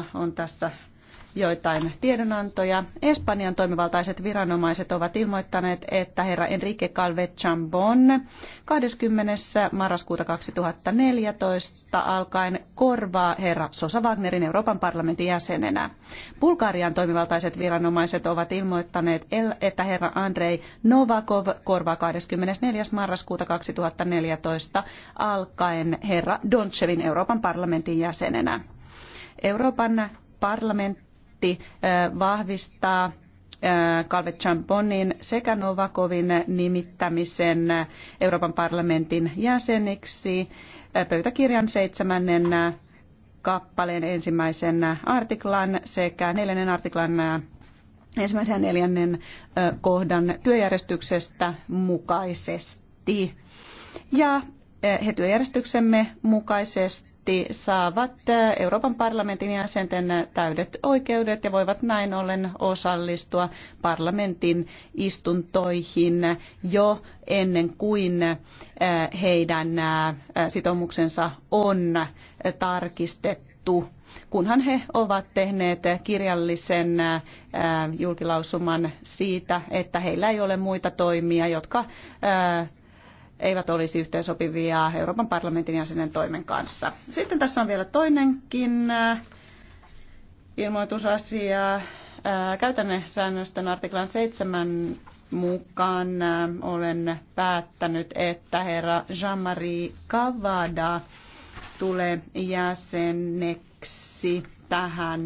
minulla on tässä joitain tiedonantoja. Espanjan toimivaltaiset viranomaiset ovat ilmoittaneet, että herra Enrique Calve Chambon 20. marraskuuta 2014 alkaen korvaa herra Sosa Wagnerin Euroopan parlamentin jäsenenä. Bulgarian toimivaltaiset viranomaiset ovat ilmoittaneet, että herra Andrei Novakov korvaa 24. marraskuuta 2014 alkaen herra Donchevin Euroopan parlamentin jäsenenä. Euroopan parlamentti vahvistaa Calvet Champonin sekä Novakovin nimittämisen Euroopan parlamentin jäseniksi pöytäkirjan seitsemännen kappaleen ensimmäisen artiklan sekä neljännen artiklan ensimmäisen ja neljännen kohdan työjärjestyksestä mukaisesti. Ja he työjärjestyksemme mukaisesti parlamentti saavat Euroopan parlamentin jäsenten täydet oikeudet ja voivat näin ollen osallistua parlamentin istuntoihin jo ennen kuin heidän sitoumuksensa on tarkistettu kunhan he ovat tehneet kirjallisen julkilausuman siitä, että heillä ei ole muita toimia, jotka eivät olisi yhteensopivia Euroopan parlamentin jäsenen toimen kanssa. Sitten tässä on vielä toinenkin äh, ilmoitusasia. Äh, säännösten artiklan 7 mukaan äh, olen päättänyt, että herra Jean-Marie Cavada tulee jäseneksi tähän